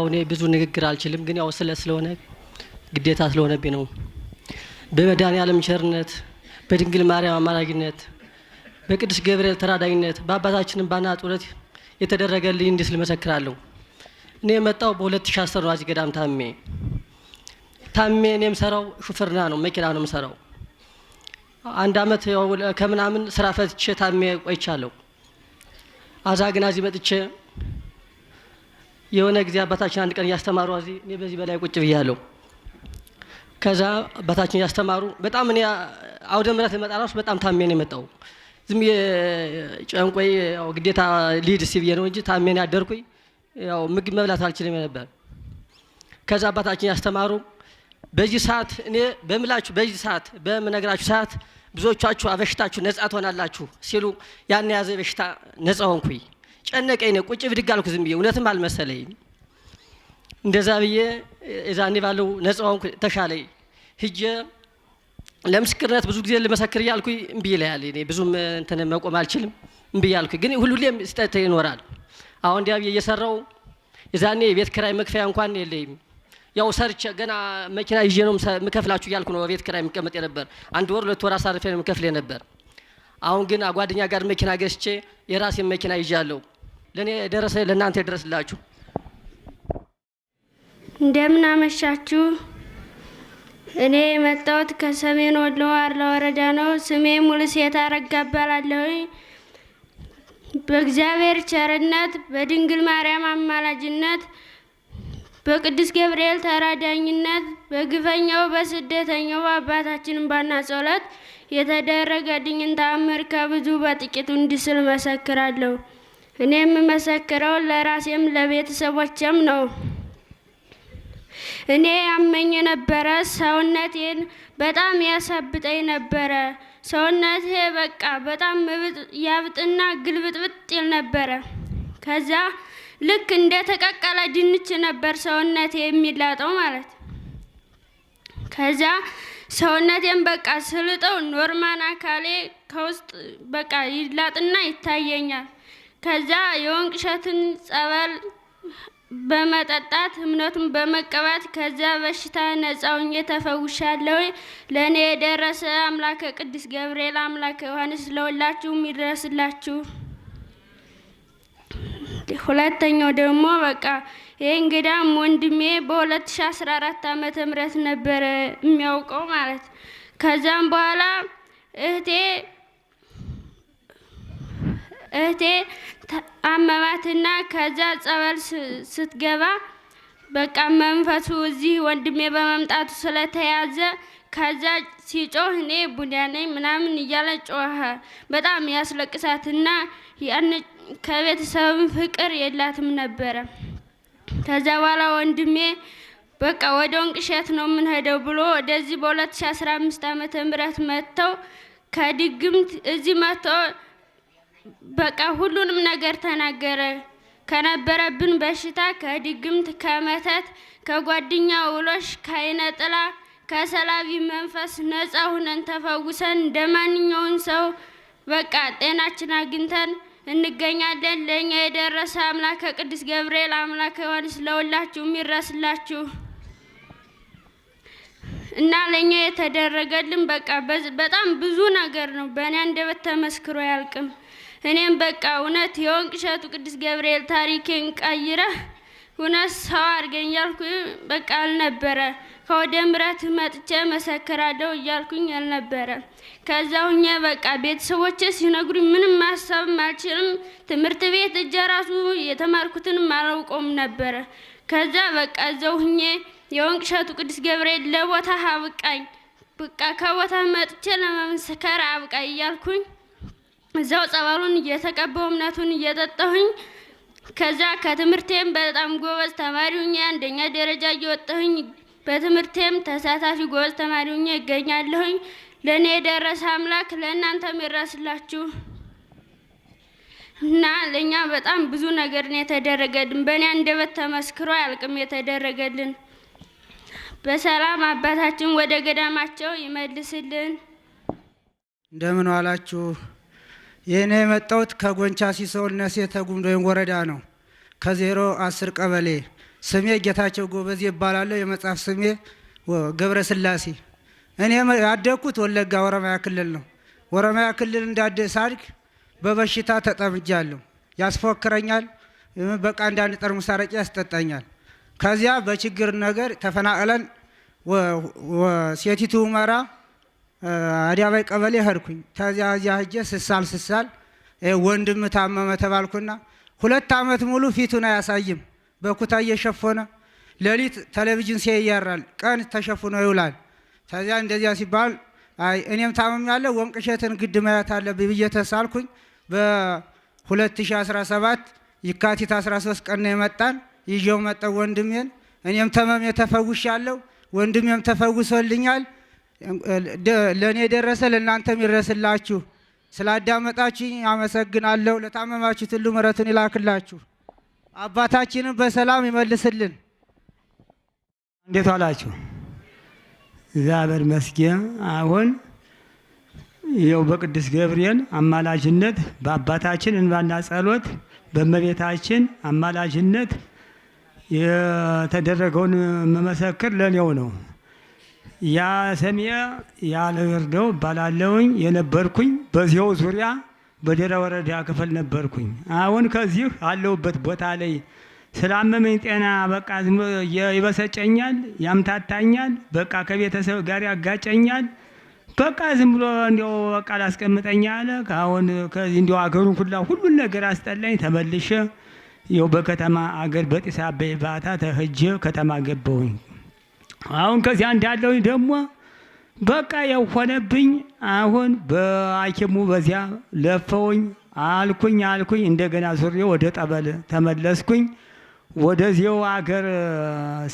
ያው እኔ ብዙ ንግግር አልችልም፣ ግን ያው ስለ ስለሆነ ግዴታ ስለሆነብኝ ነው። በመድኃኔዓለም ቸርነት፣ በድንግል ማርያም አማላጅነት፣ በቅዱስ ገብርኤል ተራዳኝነት፣ በአባታችንም ባና ጡረት የተደረገልኝ እንዲህ ስል መሰክራለሁ። እኔ የመጣው በ2010 ነው። አጅ ገዳም ታሜ ታሜ እኔ የምሰራው ሹፍርና ነው፣ መኪና ነው የምሰራው። አንድ አመት ከምናምን ስራ ፈትቼ ታሜ ቆይቻለሁ። አዛ ግን አዚህ መጥቼ የሆነ ጊዜ አባታችን አንድ ቀን እያስተማሩ እዚህ እኔ በዚህ በላይ ቁጭ ብያለሁ። ከዛ አባታችን እያስተማሩ በጣም እኔ አውደ ምረት ልመጣ ራሱ በጣም ታሜ ነው የመጣው። ዝም ጨንቆይ ያው ግዴታ ሊድ ሲ ነው እንጂ ታሜ ነው ያደርኩኝ። ያው ምግብ መብላት አልችልም ነበር። ከዛ አባታችን ያስተማሩ በዚህ ሰዓት እኔ በምላችሁ በዚህ ሰዓት በምነግራችሁ ሰዓት ብዙዎቻችሁ አበሽታችሁ ነጻ ትሆናላችሁ ሲሉ ያን የያዘ በሽታ ነጻ ሆንኩኝ። ጨነቀኝ ነው። ቁጭ ብድግ አልኩ ዝም ብዬ እውነትም አልመሰለኝም። እንደዛ ብዬ የዛኔ ባለው ነጽዋን ሆንኩ ተሻለኝ። ሂጄ ለምስክርነት ብዙ ጊዜ ልመሰክር እያልኩ እምቢ ይለያል። እኔ ብዙም እንትን መቆም አልችልም። እምቢ እያልኩ ግን ሁሉም ስጠት ይኖራል። አሁን እንዲያ ብዬ እየሰራው የዛኔ የቤት ክራይ መክፈያ እንኳን የለይም ያው ሰርቼ ገና መኪና ይዤ ነው የምከፍላችሁ እያልኩ ነው በቤት ክራይ የምቀመጥ የነበር። አንድ ወር ሁለት ወር አሳርፌ ነው የምከፍል የነበር። አሁን ግን አጓደኛ ጋር መኪና ገዝቼ የራሴን መኪና ይዣለሁ። ለእኔ ደረሰ ለእናንተ ይድረስላችሁ። እንደምን አመሻችሁ። እኔ የመጣሁት ከሰሜን ወሎ አርላ ወረዳ ነው። ስሜ ሙሉሴት አረጋ እባላለሁ። በእግዚአብሔር ቸርነት በድንግል ማርያም አማላጅነት በቅዱስ ገብርኤል ተራዳኝነት በግፈኛው በስደተኛው በአባታችን ባና ጸሎት ድኝን ተአምር ከብዙ በጥቂቱ እንዲስል መሰክራለሁ። እኔ የምመሰክረው ለራሴም ለቤተሰቦቼም ነው። እኔ ያመኝ ነበረ። ሰውነቴን በጣም ያሳብጠኝ ነበረ። ሰውነቴ በቃ በጣም ያብጥና ግልብጥብጥ ይል ነበረ። ከዛ ልክ እንደ ተቀቀለ ድንች ነበር ሰውነቴ የሚላጠው ማለት። ከዛ ሰውነቴን በቃ ስልጠው ኖርማን አካሌ ከውስጥ በቃ ይላጥና ይታየኛል። ከዛ የወንቅ እሸትን ጸበል በመጠጣት እምነቱን በመቀባት ከዛ በሽታ ነጻውን ሆኜ ለእኔ የደረሰ አምላከ ቅዱስ ገብርኤል አምላከ ዮሐንስ ለሁላችሁም ይድረስላችሁ። ሁለተኛው ደግሞ በቃ ይህ እንግዳም ወንድሜ በ2014 ዓመተ ምህረት ነበረ የሚያውቀው ማለት ከዛም በኋላ እህቴ እህቴ አመማትና ከዛ ጸበል ስትገባ በቃ መንፈሱ እዚህ ወንድሜ በመምጣቱ ስለተያዘ ከዛ ሲጮህ እኔ ቡዳ ነኝ ምናምን እያለ ጮኸ። በጣም ያስለቅሳትና ያን ከቤተሰብም ፍቅር የላትም ነበረ። ከዛ በኋላ ወንድሜ በቃ ወደ ወንቅሸት ነው የምንሄደው ብሎ ወደዚህ በ2015 ዓ ም መጥተው ከድግምት እዚህ መጥተው በቃ ሁሉንም ነገር ተናገረ። ከነበረብን በሽታ፣ ከድግምት፣ ከመተት፣ ከጓደኛ ውሎሽ፣ ከአይነ ጥላ፣ ከሰላቢ መንፈስ ነጻ ሁነን ተፈውሰን እንደ ማንኛውን ሰው በቃ ጤናችን አግኝተን እንገኛለን። ለእኛ የደረሰ አምላከ ቅዱስ ገብርኤል አምላከ ዮሐንስ ለሁላችሁ የሚረስላችሁ እና ለእኛ የተደረገልን በቃ በጣም ብዙ ነገር ነው። በእኔ አንደበት ተመስክሮ አያልቅም። እኔም በቃ እውነት የወንቅ እሸቱ ቅዱስ ገብርኤል ታሪኬን ቀይረህ እውነት ሰው አድርገኝ እያልኩ በቃ አልነበረ ከወደ ምረት መጥቼ መሰክራለሁ እያልኩኝ አልነበረ። ከዛ ሁኜ በቃ ቤተሰቦች ሲነግሩኝ ምንም ማሰብም አልችልም። ትምህርት ቤት እጄ ራሱ የተማርኩትንም አላውቀውም ነበረ። ከዛ በቃ እዛው ሁኜ የወንቅ እሸቱ ቅዱስ ገብርኤል ለቦታ አብቃኝ፣ በቃ ከቦታ መጥቼ ለመመስከር አብቃኝ እያልኩኝ እዛው ጸበሉን እየተቀባው እምነቱን እየጠጣሁኝ ከዛ ከትምህርቴም በጣም ጎበዝ ተማሪ ሁኜ አንደኛ ደረጃ እየወጣሁኝ በትምህርቴም ተሳታፊ ጎበዝ ተማሪ ሁኜ ይገኛለሁኝ። ለእኔ የደረሰ አምላክ ለእናንተም ይድረስላችሁ እና ለእኛ በጣም ብዙ ነገር የተደረገልን። በእኔ አንደበት ተመስክሮ አያልቅም የተደረገልን። በሰላም አባታችን ወደ ገዳማቸው ይመልስልን። እንደምን ዋላችሁ? ይህን የመጣሁት ከጎንቻ ሲሶ እነሴ ተጉምዶ ወረዳ ነው፣ ከዜሮ አስር ቀበሌ። ስሜ ጌታቸው ጎበዝ ይባላለሁ። የመጽሐፍ ስሜ ገብረ ስላሴ። እኔ ያደግኩት ወለጋ ኦሮሚያ ክልል ነው። ኦሮሚያ ክልል እንዳደ ሳድግ በበሽታ ተጠምጃለሁ። ያስፎክረኛል፣ በቃ አንዳንድ ጠርሙስ አረቄ ያስጠጣኛል። ከዚያ በችግር ነገር ተፈናቅለን ሴቲቱ መራ አዲያባይ ቀበሌ ሄድኩኝ። ተዚያ እዚያ ሂጄ ስሳል ስሳል ወንድም ታመመ ተባልኩና ሁለት ዓመት ሙሉ ፊቱን አያሳይም። በኩታ እየሸፈነ ሌሊት ቴሌቪዥን ሲያይ ያራል፣ ቀን ተሸፍኖ ይውላል። ተዚያ እንደዚያ ሲባል አይ እኔም ታመም ታምሜያለሁ ወንቅሸትን ግድ ማየት አለብኝ ብዬ ተሳልኩኝ። በ2017 የካቲት 13 ቀን ነው የመጣን። ይዤው መጣሁ ወንድሜን። እኔም ተመሜ ተፈውሻለሁ፣ ወንድሜም ተፈውሶልኛል። ለእኔ የደረሰ ለእናንተም ይድረስላችሁ። ስላዳመጣችሁ አመሰግናለሁ። ለታመማችሁት ሁሉ ምሕረቱን ይላክላችሁ። አባታችንን በሰላም ይመልስልን። እንዴት አላችሁ? እግዚአብሔር ይመስገን። አሁን ይኸው በቅዱስ ገብርኤል አማላጅነት በአባታችን እንባና ጸሎት በእመቤታችን አማላጅነት የተደረገውን መመሰክር ለእኔው ነው። ያ ሰሚኤ ያለወርደው ባላለውኝ የነበርኩኝ በዚያው ዙሪያ በደራ ወረዳ ክፍል ነበርኩኝ። አሁን ከዚህ አለሁበት ቦታ ላይ ስላመመኝ ጤና በቃ ይበሰጨኛል፣ ያምታታኛል፣ በቃ ከቤተሰብ ጋር ያጋጨኛል። በቃ ዝም ብሎ እንዲያው በቃ ላስቀምጠኝ አለ። አሁን ከዚህ እንዲያው አገሩን ሁላ ሁሉን ነገር አስጠላኝ። ተመልሼ ይኸው በከተማ አገር በጢስ አባይ ባታ ተህጄ ከተማ ገባሁኝ። አሁን ከዚያ እንዳለሁኝ ደግሞ በቃ የሆነብኝ ሆነብኝ። አሁን በሐኪሙ በዚያ ለፈውኝ አልኩኝ አልኩኝ። እንደገና ዙሬ ወደ ጠበል ተመለስኩኝ። ወደዚው አገር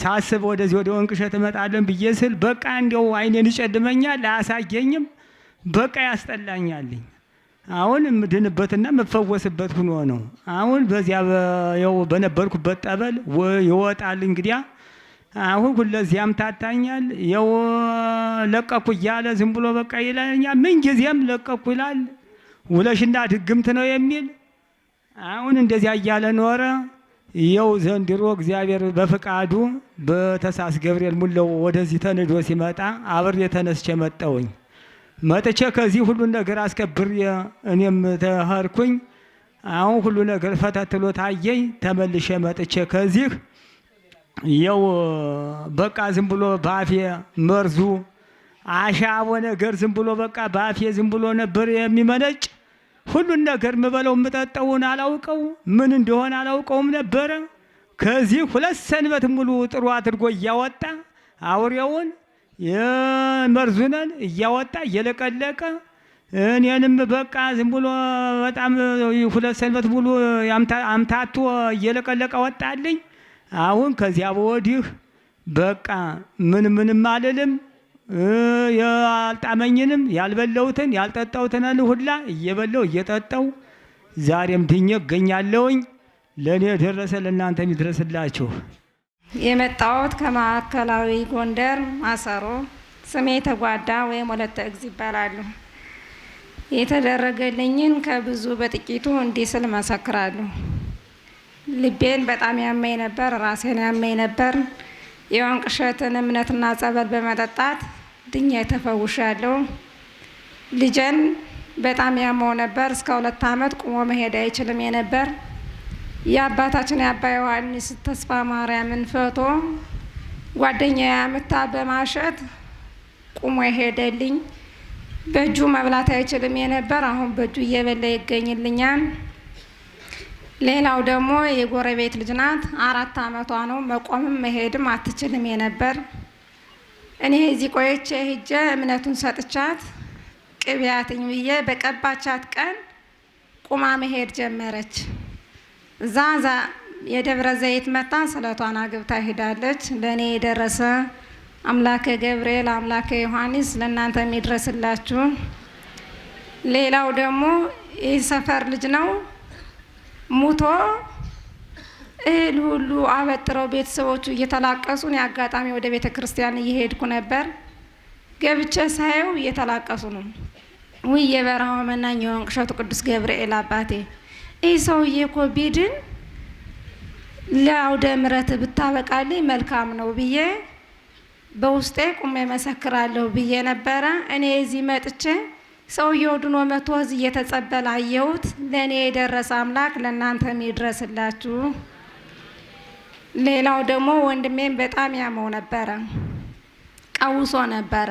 ሳስብ ወደዚህ ወደ ወንቅሸት እመጣለን ብዬ ስል በቃ እንዲያው አይኔን ይጨልመኛል፣ አያሳየኝም፣ በቃ ያስጠላኛልኝ። አሁን የምድንበትና የምፈወስበት ሁኖ ነው። አሁን በዚያ በነበርኩበት ጠበል ይወጣል እንግዲያ አሁን ሁለዚያም ታታኛል የው ለቀኩ እያለ ዝም ብሎ በቃ ይለኛል። ምን ጊዜም ለቀኩ ይላል። ውለሽና ድግምት ነው የሚል አሁን እንደዚያ እያለ ኖረ። የው ዘንድሮ እግዚአብሔር በፍቃዱ በተሳስ ገብርኤል ሙለው ወደዚህ ተንዶ ሲመጣ አብሬ ተነስቼ መጣሁኝ። መጥቼ ከዚህ ሁሉን ነገር አስከብሬ እኔም ተኸርኩኝ። አሁን ሁሉ ነገር ፈተትሎ ታየኝ። ተመልሼ መጥቼ ከዚህ የው በቃ ዝም ብሎ ባፌ መርዙ አሻቦ ነገር ዝም ብሎ በቃ ባፌ ዝም ብሎ ነበር የሚመነጭ። ሁሉን ነገር ምበለው ምጠጠውን አላውቀው ምን እንደሆነ አላውቀውም ነበረ። ከዚህ ሁለት ሰንበት ሙሉ ጥሩ አድርጎ እያወጣ አውሬውን የመርዙነን እያወጣ እየለቀለቀ እኔንም በቃ ዝም ብሎ በጣም ሁለት ሰንበት ሙሉ አምታቶ እየለቀለቀ ወጣልኝ። አሁን ከዚያ በወዲህ በቃ ምን ምንም አልልም ያልጣመኝንም ያልበለውትን ያልጠጣውትን ሁላ እየበለው እየጠጣው ዛሬም ድኜ እገኛለሁኝ። ለእኔ የደረሰ ለእናንተ የሚድረስላችሁ። የመጣሁት ከማዕከላዊ ጎንደር ማሰሮ፣ ስሜ ተጓዳ ወይም ወለተ እግዚ ይባላሉ። የተደረገልኝን ከብዙ በጥቂቱ እንዲህ ስል መሰክራለሁ። ልቤን በጣም ያመኝ ነበር፣ ራሴን ያመኝ ነበር። የወንቅ እሸትን እምነትና ጸበል በመጠጣት ድኛ ያለው። ልጄን በጣም ያመው ነበር። እስከ ሁለት ዓመት ቁሞ መሄድ አይችልም የነበር የአባታችን የአባ ዮሐንስ ተስፋ ማርያምን ፈቶ ጓደኛ ያምታ በማሸት ቁሞ ሄደልኝ። በእጁ መብላት አይችልም የነበር አሁን በእጁ እየበላ ይገኝልኛል። ሌላው ደግሞ የጎረቤት ልጅ ናት። አራት አመቷ ነው። መቆምም መሄድም አትችልም የነበር እኔ እዚህ ቆይቼ ሂጄ እምነቱን ሰጥቻት ቅቢያትኝ ብዬ በቀባቻት ቀን ቁማ መሄድ ጀመረች። እዛ ዛ የደብረ ዘይት መታ ስለቷን አግብታ ሂዳለች። ለእኔ የደረሰ አምላከ ገብርኤል አምላከ ዮሐንስ ለእናንተ የሚድረስላችሁ። ሌላው ደግሞ ይህ ሰፈር ልጅ ነው ሙቶ እህል ሁሉ አበጥረው ቤተሰቦቹ እየተላቀሱ ነው። አጋጣሚ ወደ ቤተ ክርስቲያን እየሄድኩ ነበር። ገብቼ ሳየው እየተላቀሱ ነው። ውይ የበረሃው መናኝ የሆንክ እሸቱ ቅዱስ ገብርኤል አባቴ፣ ይህ ሰውዬ እኮ ቢድን ለአውደ ምረት ብታበቃልኝ መልካም ነው ብዬ በውስጤ ቁሜ መሰክራለሁ ብዬ ነበረ እኔ እዚህ መጥቼ ሰውየው ድኖ መቶ እዚህ እየተጸበለ አየሁት። ለእኔ የደረሰ አምላክ ለእናንተም ይድረስላችሁ። ሌላው ደግሞ ወንድሜም በጣም ያመው ነበረ፣ ቀውሶ ነበረ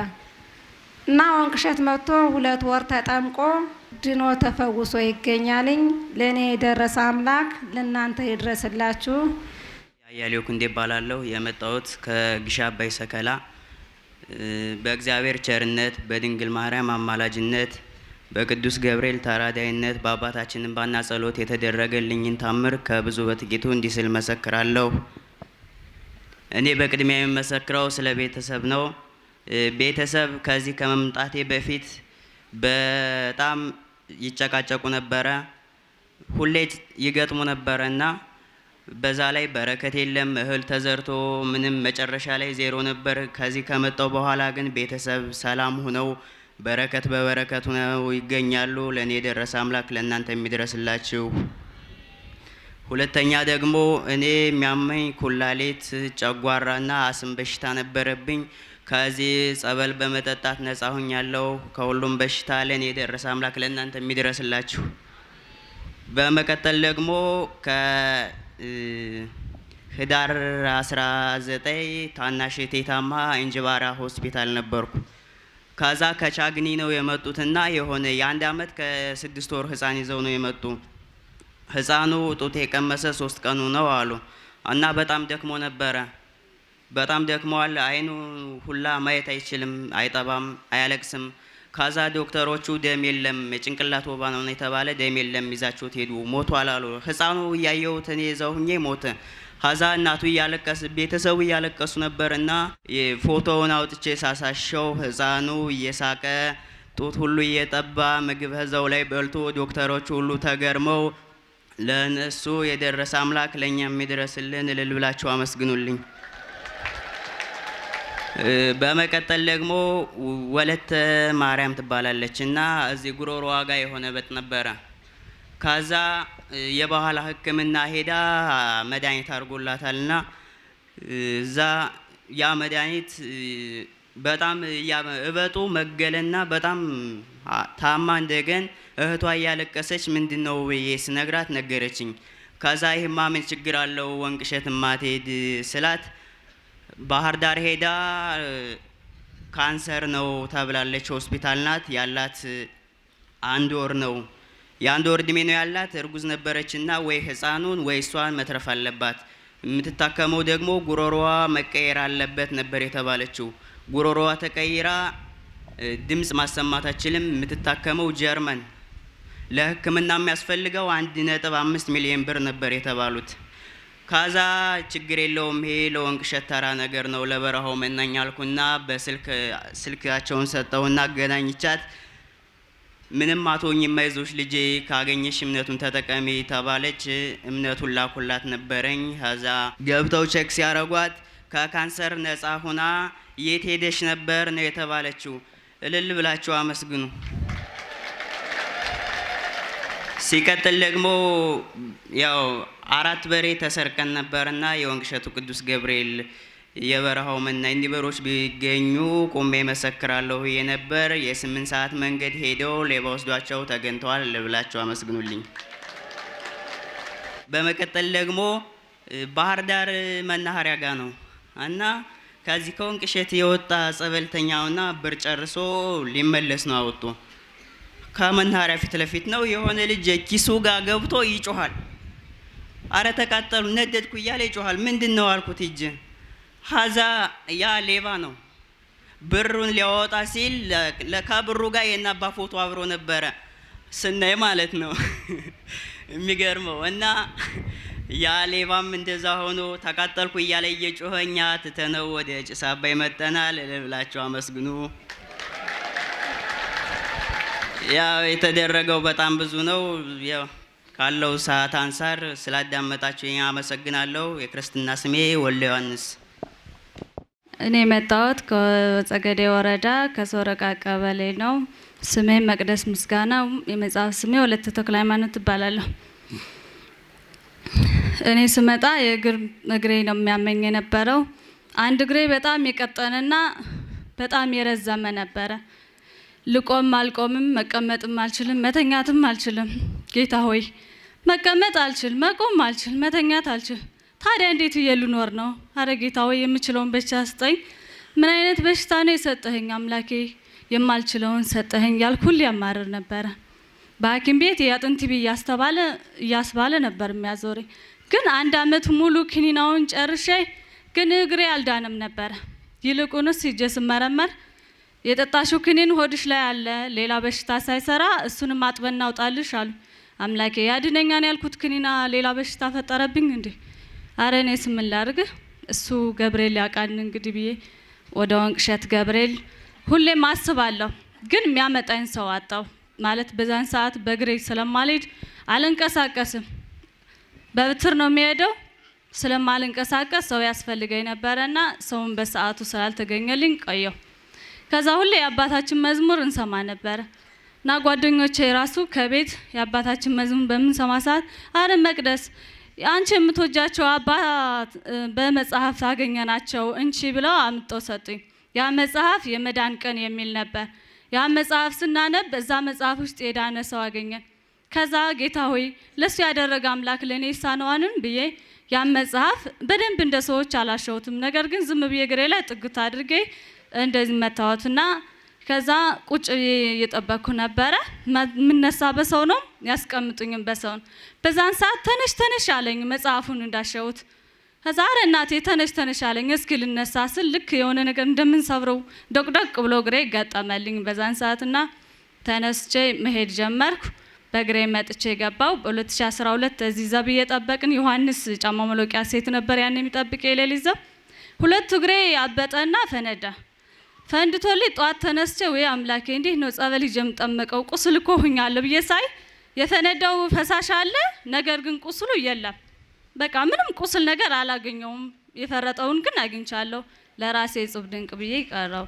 እና ወንቅሸት መጥቶ ሁለት ወር ተጠምቆ ድኖ ተፈውሶ ይገኛልኝ። ለእኔ የደረሰ አምላክ ለእናንተ ይድረስላችሁ። አያሌው ክንዴ እባላለሁ። የመጣሁት ከግሻ አባይ ሰከላ በእግዚአብሔር ቸርነት በድንግል ማርያም አማላጅነት በቅዱስ ገብርኤል ተራዳይነት በአባታችን እንባና ጸሎት የተደረገልኝን ታምር ከብዙ በጥቂቱ እንዲህ ስል መሰክራለሁ። እኔ በቅድሚያ የምመሰክረው ስለ ቤተሰብ ነው። ቤተሰብ ከዚህ ከመምጣቴ በፊት በጣም ይጨቃጨቁ ነበረ። ሁሌ ይገጥሙ ነበረ እና በዛ ላይ በረከት የለም። እህል ተዘርቶ ምንም መጨረሻ ላይ ዜሮ ነበር። ከዚህ ከመጣው በኋላ ግን ቤተሰብ ሰላም ሁነው በረከት በበረከት ሁነው ይገኛሉ። ለእኔ የደረሰ አምላክ ለእናንተ የሚደረስላችሁ። ሁለተኛ ደግሞ እኔ የሚያመኝ ኩላሊት፣ ጨጓራና አስም በሽታ ነበረብኝ። ከዚህ ጸበል በመጠጣት ነጻ ሆኛለሁ። ከሁሉም በሽታ ለእኔ የደረሰ አምላክ ለእናንተ የሚደረስላችሁ። በመቀጠል ደግሞ ህዳር 19 ታናሽ ቴታማ እንጅባራ ሆስፒታል ነበርኩ። ከዛ ከቻግኒ ነው የመጡትና የሆነ የአንድ አመት ከስድስት ወር ህፃን ይዘው ነው የመጡ። ህፃኑ ጡት የቀመሰ ሶስት ቀኑ ነው አሉ እና በጣም ደክሞ ነበረ። በጣም ደክመዋል። አይኑ ሁላ ማየት አይችልም፣ አይጠባም፣ አያለቅስም ከዛ ዶክተሮቹ ደም የለም የጭንቅላት ወባ ነው የተባለ ደም የለም ይዛችሁት ሄዱ ሞቷል አሉ። ህፃኑ እያየሁት እኔ እዛው ሁኜ ሞተ። ከዛ እናቱ እያለቀስ ቤተሰቡ እያለቀሱ ነበር እና ፎቶውን አውጥቼ ሳሳሸው ህፃኑ እየሳቀ ጡት ሁሉ እየጠባ ምግብ ህዘው ላይ በልቶ ዶክተሮቹ ሁሉ ተገርመው ለእነሱ የደረሰ አምላክ ለእኛ የሚደረስልን እልል ብላችሁ አመስግኑልኝ። በመቀጠል ደግሞ ወለተ ማርያም ትባላለች እና እዚህ ጉሮሮ ዋጋ የሆነ በት ነበረ። ከዛ የባህል ሕክምና ሄዳ መድኃኒት አድርጎላታል እና እዛ ያ መድኃኒት በጣም እበጡ መገለና በጣም ታማ እንደገን እህቷ እያለቀሰች ምንድን ነው ብዬ ስነግራት ነገረችኝ። ከዛ ይህማ ምን ችግር አለው ወንቅሸት ማትሄድ ስላት ባህር ዳር ሄዳ ካንሰር ነው ተብላለች። ሆስፒታል ናት ያላት አንድ ወር ነው የአንድ ወር እድሜ ነው ያላት። እርጉዝ ነበረች እና ወይ ህፃኑን ወይ እሷን መትረፍ አለባት። የምትታከመው ደግሞ ጉሮሮዋ መቀየር አለበት ነበር የተባለችው። ጉሮሮዋ ተቀይራ ድምፅ ማሰማት አችልም። የምትታከመው ጀርመን። ለህክምና የሚያስፈልገው አንድ ነጥብ አምስት ሚሊዮን ብር ነበር የተባሉት። ካዛ ችግር የለውም ይሄ ለወንቅሸት ተራ ነገር ነው ለበረሃው መናኝ አልኩና በስልክ ስልካቸውን ሰጠውና አገናኝቻት። ምንም አቶኝ የማይዞች ልጄ ካገኘሽ እምነቱን ተጠቀሚ ተባለች። እምነቱን ላኩላት ነበረኝ። ከዛ ገብተው ቼክ ሲያረጓት ከካንሰር ነጻ ሁና የት ሄደሽ ነበር ነው የተባለችው። እልል ብላችሁ አመስግኑ። ሲቀጥል ደግሞ ያው አራት በሬ ተሰርቀን ነበርና የወንቅ እሸቱ ቅዱስ ገብርኤል የበረሃው መና እንዲህ በሮች ቢገኙ ቁሜ መሰክራለሁ የነበር የስምንት ሰዓት መንገድ ሄደው ሌባ ወስዷቸው ተገኝተዋል ልብላቸው አመስግኑልኝ። በመቀጠል ደግሞ ባህር ዳር መናኸሪያ ጋ ነው እና ከዚህ ከወንቅ እሸት የወጣ ጸበልተኛውና ብር ጨርሶ ሊመለስ ነው አወጡ ከመናኸሪያ ፊት ለፊት ነው። የሆነ ልጅ ኪሱ ጋር ገብቶ ይጮኋል። አረ ተቃጠሉ ነደድኩ እያለ ይጮኋል። ምንድን ነው አልኩት። እጅ ሀዛ ያ ሌባ ነው። ብሩን ሊያወጣ ሲል ከብሩ ጋር የናባ ፎቶ አብሮ ነበረ ስናይ ማለት ነው የሚገርመው እና ያ ሌባም እንደዛ ሆኖ ተቃጠልኩ እያለ እየጮኸኛ ትተነው ወደ ጭስ አባይ መጠናል። እልል አመስግኑ። ያው የተደረገው በጣም ብዙ ነው። ያው ካለው ሰዓት አንጻር ኛ አመሰግናለሁ። የክርስትና ስሜ ወሎ ዮሐንስ። እኔ የመጣሁት ከጸገዴ ወረዳ ከሶረቃ ቀበሌ ነው። ስሜ መቅደስ ምስጋና፣ የመጽሐፍ ስሜ ወለተ ተክለ ሃይማኖት እባላለሁ። እኔ ስመጣ የእግር እግሬ ነው የሚያመኝ የነበረው። አንድ እግሬ በጣም የቀጠንና በጣም የረዘመ ነበረ። ልቆም አልቆምም፣ መቀመጥም አልችልም፣ መተኛትም አልችልም። ጌታ ሆይ መቀመጥ አልችል፣ መቆም አልችል፣ መተኛት አልችል። ታዲያ እንዴት እየ ልኖር ነው? አረ ጌታ ሆይ የምችለውን ብቻ ስጠኝ። ምን አይነት በሽታ ነው የሰጠኸኝ አምላኬ? የማልችለውን ሰጠኸኝ ያልኩ ሁሌ ያማርር ነበረ። በሐኪም ቤት የአጥንት ቲቪ እያስተባለ እያስባለ ነበር የሚያዞረኝ። ግን አንድ አመት ሙሉ ክኒናውን ጨርሼ ግን እግሬ አልዳንም ነበረ። ይልቁንስ ሂጄ ስመረመር የጠጣሽው ክኒን ሆድሽ ላይ አለ፣ ሌላ በሽታ ሳይሰራ እሱንም አጥበን እናውጣልሽ አሉ። አምላኬ ያድነኛን ያልኩት ክኒና ሌላ በሽታ ፈጠረብኝ እንዴ? አረ እኔስ ምን እሱ ገብርኤል ያውቃል እንግዲህ ብዬ ወደ ወንቅሸት ገብርኤል ሁሌም አስባለሁ፣ ግን የሚያመጣኝ ሰው አጣው። ማለት በዛን ሰዓት በእግሬ ስለማልሄድ አልንቀሳቀስም፣ በብትር ነው የሚሄደው። ስለማልንቀሳቀስ ሰው ያስፈልገኝ ነበረና ሰውን በሰዓቱ ስላልተገኘልኝ ቆየው። ከዛ ሁሌ የአባታችን መዝሙር እንሰማ ነበር እና ጓደኞቼ ራሱ ከቤት የአባታችን መዝሙር በምንሰማ ሰዓት አረ መቅደስ አንቺ የምትወጃቸው አባት በመጽሐፍ ናቸው እንቺ ብለው አምጦ ሰጡኝ። ያ መጽሐፍ የመዳን ቀን የሚል ነበር። ያ መጽሐፍ ስናነብ እዛ መጽሐፍ ውስጥ የዳነ ሰው አገኘን። ከዛ ጌታ ሆይ ለእሱ ያደረገ አምላክ ለእኔ ይሳነዋልን ብዬ ያን መጽሐፍ በደንብ እንደ ሰዎች አላሸውትም። ነገር ግን ዝም ብዬ ግሬ ላይ ጥግት አድርጌ እንደዚህ መታወቱና ከዛ ቁጭ እየጠበቅኩ ነበረ። የምነሳ በሰው ነው ያስቀምጡኝም በሰው ነው። በዛን ሰዓት ተነሽ ተነሽ አለኝ መጽሐፉን እንዳሸውት። ከዛ ኧረ እናቴ ተነሽ ተነሽ አለኝ። እስኪ ልነሳ ስል ልክ የሆነ ነገር እንደምንሰብረው ዶቅዶቅ ብሎ እግሬ ገጠመልኝ በዛን ሰዓትና ተነስቼ መሄድ ጀመርኩ። በእግሬ መጥቼ ገባው። በ2012 እዚህ ዘብ እየጠበቅን ዮሐንስ ጫማ መሎቂያ ሴት ነበር ያን የሚጠብቅ የሌሊት ዘብ። ሁለቱ እግሬ አበጠና ፈነዳ። ፈንድቶልኝ ጠዋት ተነስቼ ወይ አምላኬ እንዴት ነው ጸበል ይዤ የምጠመቀው ቁስል እኮ ሆኛለሁ ብዬ ሳይ የፈነዳው ፈሳሽ አለ፣ ነገር ግን ቁስሉ የለም። በቃ ምንም ቁስል ነገር አላገኘውም። የፈረጠውን ግን አግኝቻለሁ። ለራሴ እጹብ ድንቅ ብዬ ቀረው።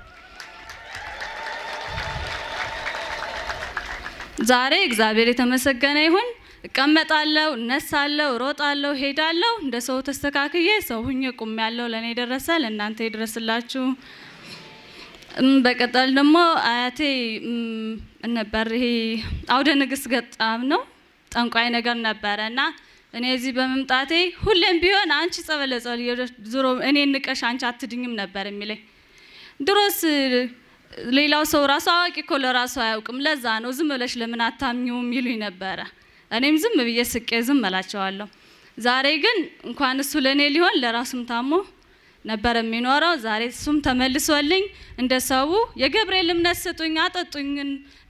ዛሬ እግዚአብሔር የተመሰገነ ይሁን። እቀመጣለሁ፣ እነሳለሁ፣ እሮጣለሁ፣ ሄዳለሁ። እንደ ሰው ተስተካክዬ ሰው ሁኜ ቁሜያለሁ። ለእኔ ደረሰ፣ ለእናንተ ይድረስላችሁ። በቀጣል ደግሞ አያቴ ነበር። ይሄ አውደ ንግስት ገጣም ነው ጠንቋይ ነገር ነበረ እና እኔ እዚህ በመምጣቴ ሁሌም ቢሆን አንቺ ጸበለ ጸበል ዙሮ እኔ ንቀሽ አንቺ አትድኝም ነበር የሚለኝ። ድሮስ ሌላው ሰው ራሱ አዋቂ እኮ ለራሱ አያውቅም። ለዛ ነው ዝም ብለሽ ለምን አታምኚውም ይሉኝ ነበረ። እኔም ዝም ብዬ ስቄ ዝም እላቸዋለሁ። ዛሬ ግን እንኳን እሱ ለእኔ ሊሆን ለራሱም ታሞ ነበር የሚኖረው። ዛሬ እሱም ተመልሶልኝ እንደ ሰው የገብርኤል እምነት ስጡኝ አጠጡኝ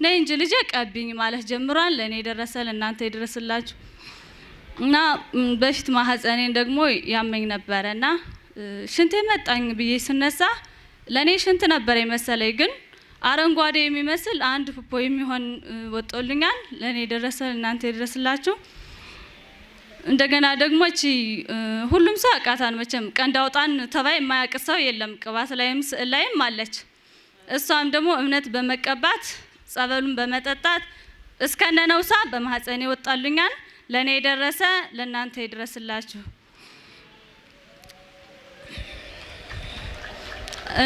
ነይ እንጂ ልጄ ቀቢኝ ማለት ጀምሯል። ለእኔ የደረሰ ለእናንተ የደረስላችሁ እና በፊት ማህፀኔን ደግሞ ያመኝ ነበረ እና ሽንቴ መጣኝ ብዬ ስነሳ ለእኔ ሽንት ነበር የመሰለኝ ግን አረንጓዴ የሚመስል አንድ ፖፖ የሚሆን ወጦልኛል። ለእኔ የደረሰ ለእናንተ ይደረስላችሁ። እንደገና ደግሞ እቺ ሁሉም ሰው አቃታን መቼም ቀንድ አውጣን ተባይ የማያውቅ ሰው የለም። ቅባት ላይም ስዕል ላይም አለች። እሷም ደግሞ እምነት በመቀባት ጸበሉን በመጠጣት እስከነ ነውሳ በማህፀን ይወጣሉኛል። ለእኔ የደረሰ ለእናንተ ይድረስላችሁ።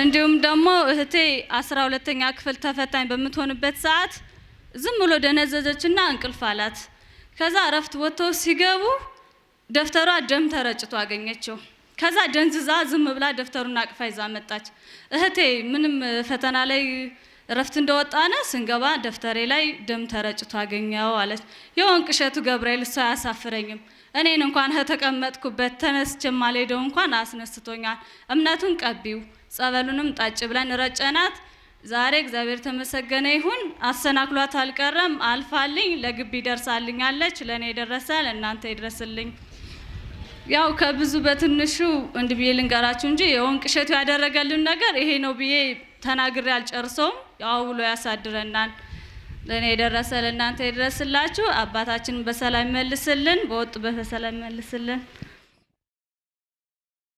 እንዲሁም ደግሞ እህቴ አስራ ሁለተኛ ክፍል ተፈታኝ በምትሆንበት ሰዓት ዝም ብሎ ደነዘዘችና እንቅልፍ አላት። ከዛ እረፍት ወጥተው ሲገቡ ደብተሯ ደም ተረጭቶ አገኘችው። ከዛ ደንዝዛ ዝም ብላ ደብተሩን አቅፋ ይዛ መጣች። እህቴ ምንም ፈተና ላይ እረፍት እንደወጣነ ስንገባ ደብተሬ ላይ ደም ተረጭቶ አገኘው አለች። የወንቅ እሸቱ ገብርኤል እሷ አያሳፍረኝም። እኔን እንኳን ከተቀመጥኩበት ተነስቼ የማልሄደው እንኳን አስነስቶኛል። እምነቱን ቀቢው ጸበሉንም ጣጭ ብለን ረጨናት። ዛሬ እግዚአብሔር ተመሰገነ ይሁን። አሰናክሏት አልቀረም። አልፋልኝ ለግቢ ደርሳልኛለች። ለእኔ የደረሰ ለእናንተ ይድረስልኝ። ያው ከብዙ በትንሹ እንድ ብዬ ልንገራችሁ እንጂ የወንቅ እሸቱ ያደረገልን ነገር ይሄ ነው ብዬ ተናግሬ አልጨርሰውም። ያው ውሎ ያሳድረናል። ለእኔ የደረሰ ለእናንተ ይድረስላችሁ። አባታችንን በሰላም መልስልን፣ በወጡ በሰላም መልስልን።